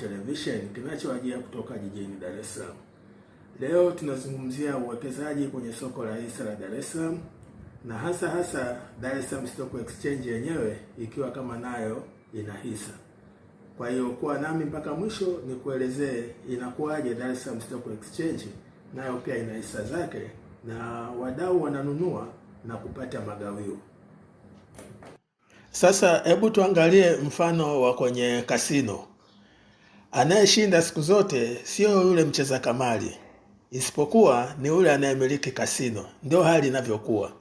Television kinachowajia kutoka jijini Dar es Salaam. Leo tunazungumzia uwekezaji kwenye soko la hisa la Dar es Salaam na hasa hasa Dar es Salaam Stock Exchange yenyewe ikiwa kama nayo ina hisa. Kwa hiyo kuwa nami mpaka mwisho ni kuelezee inakuwaje Dar es Salaam Stock Exchange nayo pia ina hisa zake na wadau wananunua na kupata magawio. Sasa hebu tuangalie mfano wa kwenye kasino. Anayeshinda siku zote siyo yule mcheza kamari, isipokuwa ni yule anayemiliki kasino. Ndio hali inavyokuwa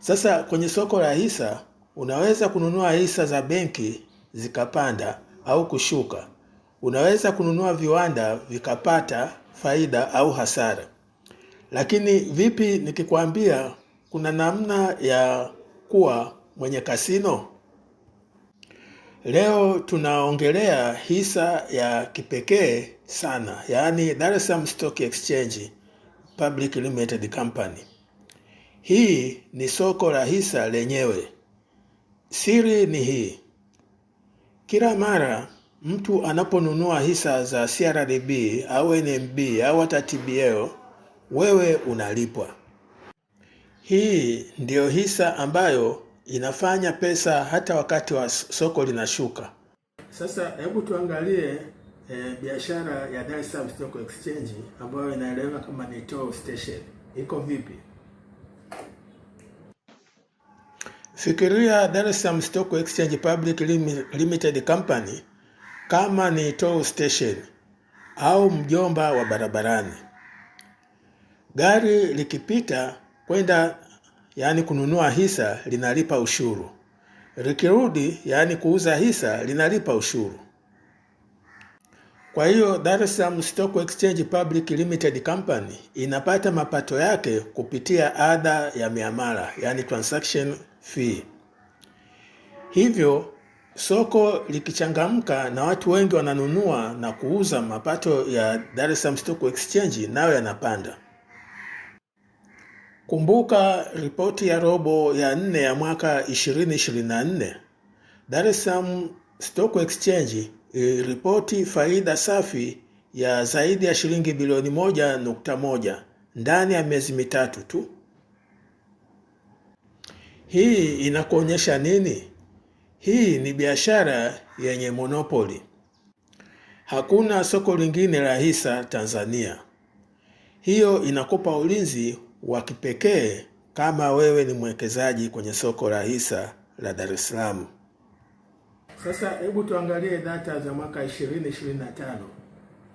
sasa. Kwenye soko la hisa, unaweza kununua hisa za benki zikapanda au kushuka. Unaweza kununua viwanda vikapata faida au hasara. Lakini vipi nikikwambia kuna namna ya kuwa mwenye kasino? Leo tunaongelea hisa ya kipekee sana, yaani Dar es Salaam Stock Exchange Public Limited Company. Hii ni soko la hisa lenyewe. Siri ni hii: kila mara mtu anaponunua hisa za CRDB au NMB au hata TBL, wewe unalipwa. Hii ndiyo hisa ambayo inafanya pesa hata wakati wa soko linashuka. Sasa hebu tuangalie e, biashara ya Dar es Salaam Stock Exchange ambayo inaelewa kama ni toll station iko vipi? Fikiria Dar es Salaam Stock Exchange Public Limited Company kama ni toll station au mjomba wa barabarani. Gari likipita kwenda yaani kununua hisa linalipa ushuru, likirudi, yaani kuuza hisa linalipa ushuru. Kwa hiyo Dar es Salaam Stock Exchange Public Limited Company inapata mapato yake kupitia ada ya miamala, yaani transaction fee. Hivyo soko likichangamka na watu wengi wananunua na kuuza, mapato ya Dar es Salaam Stock Exchange nayo yanapanda. Kumbuka ripoti ya robo ya nne ya mwaka 2024, Dar es Salaam Stock Exchange iliripoti e, faida safi ya zaidi ya shilingi bilioni moja nukta moja ndani ya miezi mitatu tu. Hii inakuonyesha nini? Hii ni biashara yenye monopoli. Hakuna soko lingine la hisa Tanzania. Hiyo inakupa ulinzi wa kipekee kama wewe ni mwekezaji kwenye soko la hisa la Dar es Salaam. Sasa hebu tuangalie data za mwaka 2025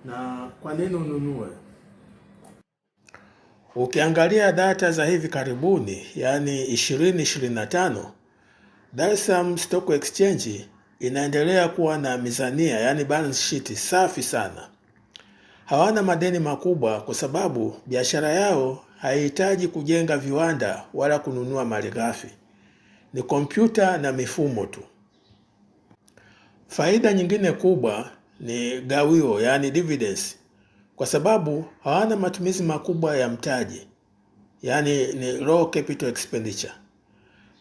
na kwa nini ununue. Ukiangalia data za hivi karibuni, yaani 2025, Dar es Salaam Stock Exchange inaendelea kuwa na mizania, yaani balance sheet safi sana. Hawana madeni makubwa kwa sababu biashara yao haihitaji kujenga viwanda wala kununua malighafi, ni kompyuta na mifumo tu. Faida nyingine kubwa ni gawio, yaani dividends, kwa sababu hawana matumizi makubwa ya mtaji, yaani ni low capital expenditure.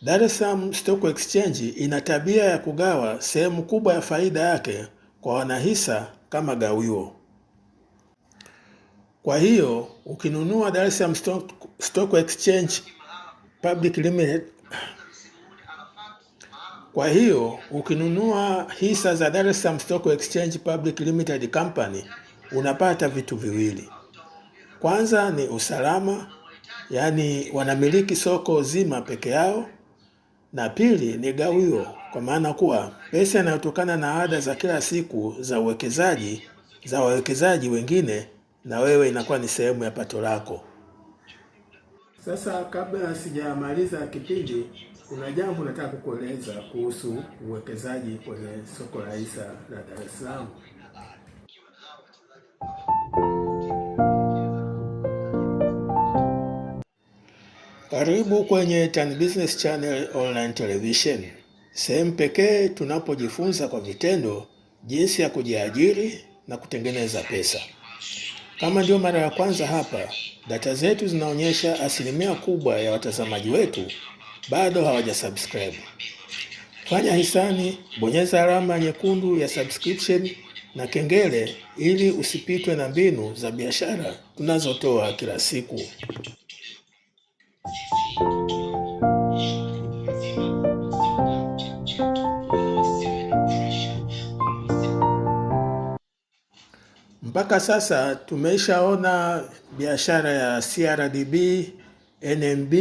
Dar es Salaam Stock Exchange ina tabia ya kugawa sehemu kubwa ya faida yake kwa wanahisa kama gawio. Kwa hiyo ukinunua Dar es Salaam Stock, Stock Exchange Public Limited, kwa hiyo ukinunua hisa za Dar es Salaam Stock Exchange Public Limited Company unapata vitu viwili. Kwanza ni usalama, yaani wanamiliki soko zima peke yao, na pili ni gawio, kwa maana kuwa pesa inayotokana na ada za kila siku za uwekezaji za wawekezaji wengine na wewe inakuwa ni sehemu ya pato lako. Sasa kabla sijamaliza kipindi, kuna jambo nataka kukueleza kuhusu uwekezaji kwenye soko la hisa la Dar es Salaam. Karibu kwenye Tan Business Channel Online Television, sehemu pekee tunapojifunza kwa vitendo jinsi ya kujiajiri na kutengeneza pesa. Kama ndio mara ya kwanza hapa, data zetu zinaonyesha asilimia kubwa ya watazamaji wetu bado hawajasubscribe. Fanya hisani, bonyeza alama nyekundu ya subscription na kengele ili usipitwe na mbinu za biashara tunazotoa kila siku. Mpaka sasa tumeshaona biashara ya CRDB, NMB,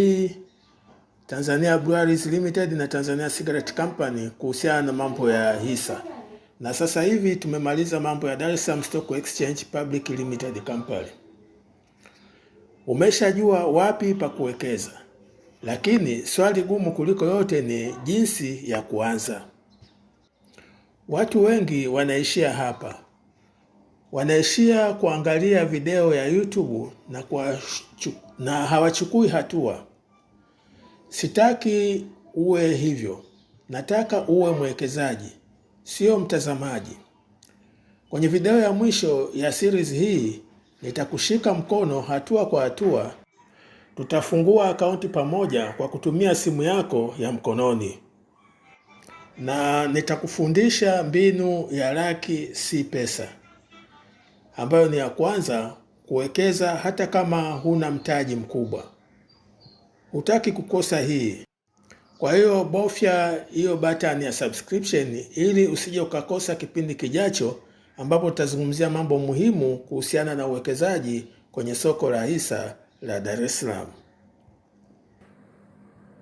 Tanzania Breweries Limited na Tanzania Cigarette Company kuhusiana na mambo ya hisa, na sasa hivi tumemaliza mambo ya Dar es Salaam Stock Exchange Public Limited Company. Umeshajua wapi pa kuwekeza, lakini swali gumu kuliko yote ni jinsi ya kuanza. Watu wengi wanaishia hapa wanaishia kuangalia video ya YouTube na, na hawachukui hatua. Sitaki uwe hivyo, nataka uwe mwekezaji, sio mtazamaji. Kwenye video ya mwisho ya series hii nitakushika mkono hatua kwa hatua. Tutafungua akaunti pamoja kwa kutumia simu yako ya mkononi na nitakufundisha mbinu ya laki si pesa ambayo ni ya kwanza, kuwekeza hata kama huna mtaji mkubwa. Hutaki kukosa hii. Kwa hiyo bofya hiyo button ya subscription ili usije ukakosa kipindi kijacho ambapo tutazungumzia mambo muhimu kuhusiana na uwekezaji kwenye soko la hisa la Dar es Salaam.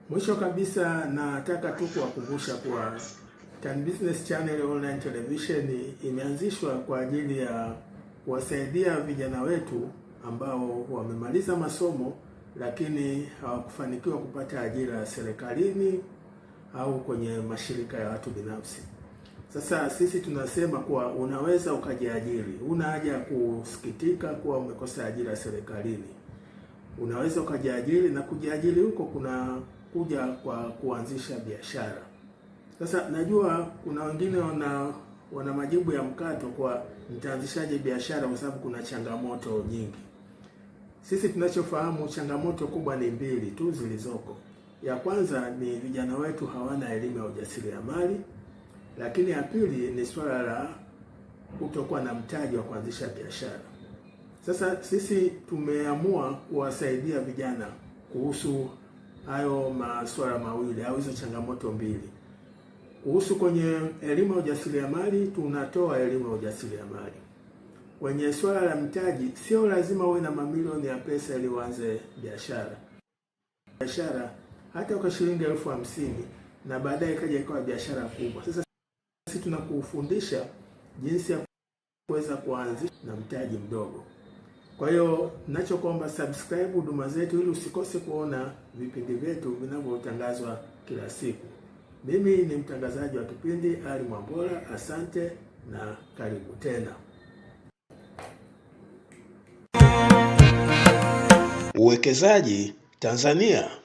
Mwisho kabisa, nataka tu kuwakumbusha kuwa Tan Business Channel Online Television imeanzishwa kwa ajili ya kuwasaidia vijana wetu ambao wamemaliza masomo lakini hawakufanikiwa kupata ajira serikalini au kwenye mashirika ya watu binafsi. Sasa sisi tunasema kuwa unaweza ukajiajiri, una haja ya kusikitika kuwa umekosa ajira serikalini. Unaweza ukajiajiri na kujiajiri huko kuna kuja kwa kuanzisha biashara. Sasa najua kuna wengine wana wana majibu ya mkato kwa mtaanzishaje biashara, kwa sababu kuna changamoto nyingi. Sisi tunachofahamu changamoto kubwa ni mbili tu zilizoko. Ya kwanza ni vijana wetu hawana elimu ya ujasiriamali, lakini ya pili ni swala la kutokuwa na mtaji wa kuanzisha biashara. Sasa sisi tumeamua kuwasaidia vijana kuhusu hayo masuala mawili au hizo changamoto mbili. Kuhusu kwenye elimu ya ujasiriamali, tunatoa elimu ya ujasiriamali. Kwenye swala la mtaji, sio lazima uwe na mamilioni ya pesa ili uanze biashara. Biashara hata kwa shilingi elfu hamsini na baadaye ikaja ikawa biashara kubwa. Sasa sisi tunakufundisha jinsi ya kuweza kuanzisha na mtaji mdogo. Kwa hiyo ninachokuomba, subscribe huduma zetu ili usikose kuona vipindi vyetu vinavyotangazwa kila siku. Mimi ni mtangazaji wa kipindi Ali Mwambola. Asante na karibu tena. Uwekezaji Tanzania.